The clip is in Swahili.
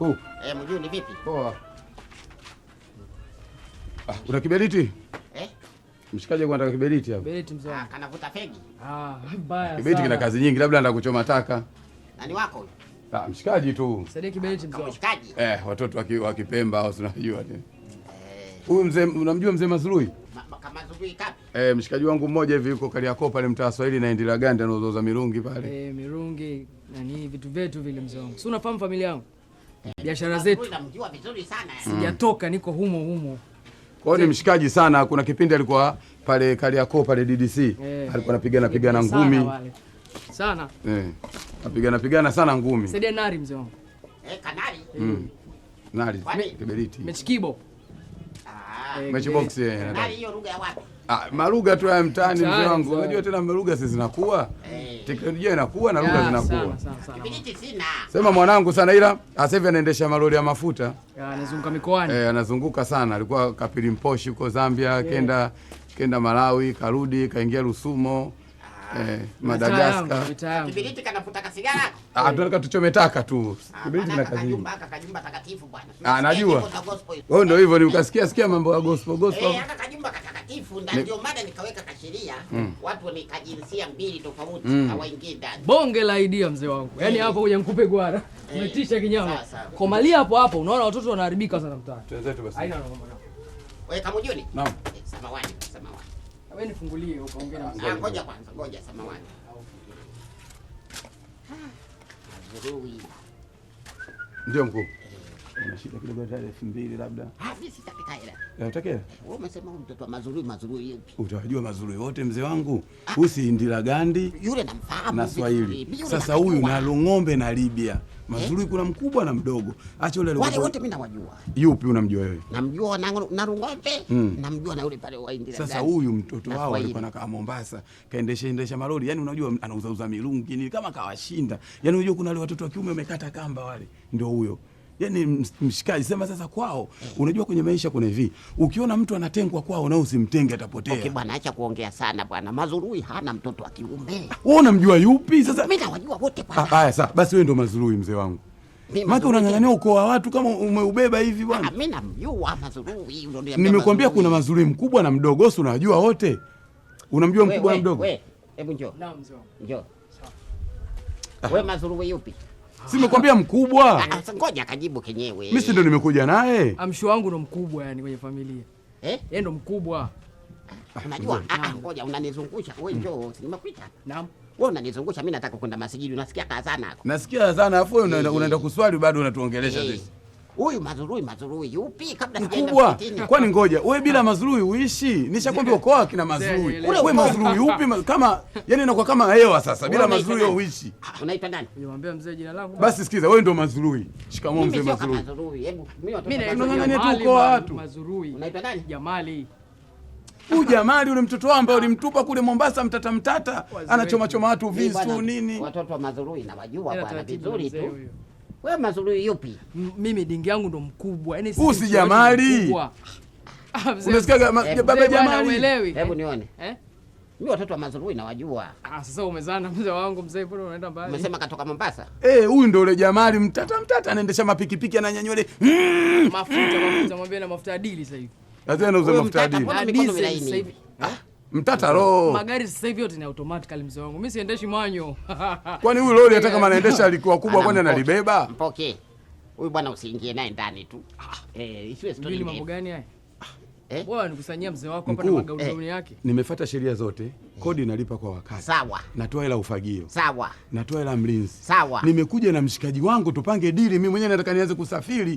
Oh. Eh, mjuni vipi? Poa. Ah, una kiberiti? Eh? Mshikaji kwa nataka kiberiti hapo. Kiberiti mzee. Ah, kanavuta pegi. Ah, mbaya sana. Kiberiti kina kazi nyingi, labda anataka kuchoma taka. Nani wako huyo? Ah, mshikaji tu. Saidie kiberiti mzee. Mshikaji. Eh, watoto wa Kipemba hao tunajua Eh. Huyu mzee unamjua mzee Mazurui? Kama Mazurui kapi? Eh, mshikaji wangu mmoja hivi yuko Kariakoo pale mtaa Swahili na Indira Gandhi anauza mirungi pale. Eh, mirungi, na ni vitu vyetu vile mzee wangu. Si unafahamu familia yangu? biashara zetu, sijatoka niko humo humo. Kwa hiyo ni mshikaji sana. Kuna kipindi alikuwa pale Kariakoo pale DDC eh, alikuwa anapigana pigana ngumi sana, sana. Eh, anapigana pigana sana ngumi. Saidia nari mzee wangu. Eh, kanari. Mm. Nari kiberiti mechikibo Eh, mechi box hiyo lugha ya wapi? Ah, maruga tu ya mtaani mzee wangu. Unajua tena maruga sisi zinakuwa. Eh. Teknolojia inakuwa na lugha zinakuwa. Sema mwanangu sana ila sasa hivi anaendesha malori ya mafuta. Anazunguka mikoani. Eh, anazunguka sana. Alikuwa kapili mposhi huko Zambia, yeah. Kenda kenda Malawi, karudi, kaingia Rusumo. Eh, Kibiriti kanafuta kasi Ah, eh. tunataka tuchome taka tu. Ah, Kibiriti kina kazi. Kajumba kajumba takatifu bwana. Ah, najua. Wewe oh, ndio hivyo ni ukasikia sikia mambo ya gospel gospel. Eh, kajumba katakatifu ndio maana nikaweka kasheria mm. watu ni kajinsia mbili tofauti mm. hawaingii ndani. Bonge la idea mzee wangu. Eh. Yaani hapo kuja nkupe gwara. Eh. Umetisha kinyama. Komalia hapo hapo unaona watoto wanaharibika sana mtaani. basi. Haina Wewe Naam. Samawani, samawani. Wewe nifungulie na ah, mzee. Ngoja kwanza, ngoja samawati. Ndio mkuu. Eh, shida kidogo elfu mbili labda. Ah, eh, umesema mtoto wa mazuri mazuri yupi? Utawajua mazuri wote mzee wangu. Ah. Huyu si Indira Gandhi. Yule namfahamu. Na Swahili. Sasa huyu na Lung'ombe na Libya. Mazurui kuna mkubwa na mdogo. Acha yule wale wote mimi nawajua. Yupi unamjua wewe? Namjua na Narungombe, hmm. namjua na yule pale wa Indira. Sasa huyu mtoto wao alikuwa na kama Mombasa, kaendesha endesha malori. Yaani unajua anauzauza milungi, ni kama kawashinda. Yaani unajua kuna wale watoto wa kiume wamekata kamba wale. Ndio huyo yani mshikaji sema sasa kwao. mm. Unajua kwenye maisha kuna hivi, ukiona mtu anatengwa kwao na usimtenge, atapotea. Okay, bwana, acha kuongea sana bwana. Mazurui hana mtoto wa kiume. Wewe unamjua yupi sasa? Mimi nawajua wote bwana. Ah, haya sasa, basi wewe ndio mazurui mzee wangu. Maka unang'ang'ania ukoo wa watu kama umeubeba hivi bwana. Ah, mimi namjua mazurui. Nimekuambia kuna mazurui mkubwa na mdogo, si unajua wote. Unamjua mkubwa na mdogo? Wewe, Hebu njoo. Naam, mzee wangu. njoo. Sawa. Ah. Wewe mazurui yupi? Simekwambia mkubwa. Ah, ngoja kajibu kenyewe. Mimi si ndo nimekuja naye. Amsho ah, wangu ndo mkubwa yani kwenye familia. Eh? Yeye ndo mkubwa. Ah, unajua? Ngoja unanizungusha. Wewe mm. njoo, nimekuita. Naam. Wewe unanizungusha, mimi nataka kwenda masjidi. Unasikia kazana Nasikia kazana, afu eh. unaenda kuswali bado unatuongelesha eh. sisi huyu mazurui mazurui yupi kabla mkubwa. Kwani ngoja wewe bila mazurui uishi? Nishakwambia ukoa akina mazurui. Wewe mazurui yupi? Kama yani inakuwa kama hewa sasa, bila mazurui wewe uishi. Ah, unaitwa nani? niwaambia mzee jina langu. Basi sikiza, wewe ndio mazurui. Shikamoo mzee mazurui. Hebu mimi tu ukoa watu. Mazurui. Unaitwa nani? Jamali. Huyu Jamali ule mtoto wao ambao ulimtupa kule Mombasa, mtata mtata, anachomachoma watu visu nini? Watoto wa mazurui na wajua yaani bwana vizuri tu. We mazuri yupi? Mimi dingi yangu ndo mkubwa. Yaani sisi si Jamali. Ah, Unasikia eh, baba Jamali? Hebu nione. Eh? Mimi watoto wa Mazurui nawajua. Ah, sasa umezaa na mzee wangu mzee, mbona unaenda mbali? Umesema katoka Mombasa? Eh, huyu ndio yule Jamali mtata mtata anaendesha mapikipiki ananyanywele. Mafuta mafuta mwambie na mafuta adili sasa hivi. Sasa anauza mafuta adili. Sasa hivi. Ah mtata roho. Magari sasa hivi yote ni automatic, mzee wangu. Mimi siendeshi mwanyo. Kwani huyu lori hata kama anaendesha alikuwa kubwa, kwani analibeba? Mpoke huyu bwana, usiingie naye ndani tu. Ah. Eh, isiwe story. ni Mambo gani haya? Ah. Eh? Bwana nikusanyia mzee wako hapa na magauni eh, yake. Nimefuata sheria zote. Eh. Kodi inalipa kwa wakati. Sawa. Natoa hela ufagio. Sawa. Natoa hela mlinzi. Sawa. Nimekuja na mshikaji wangu tupange dili, mimi mwenyewe nataka nianze kusafiri.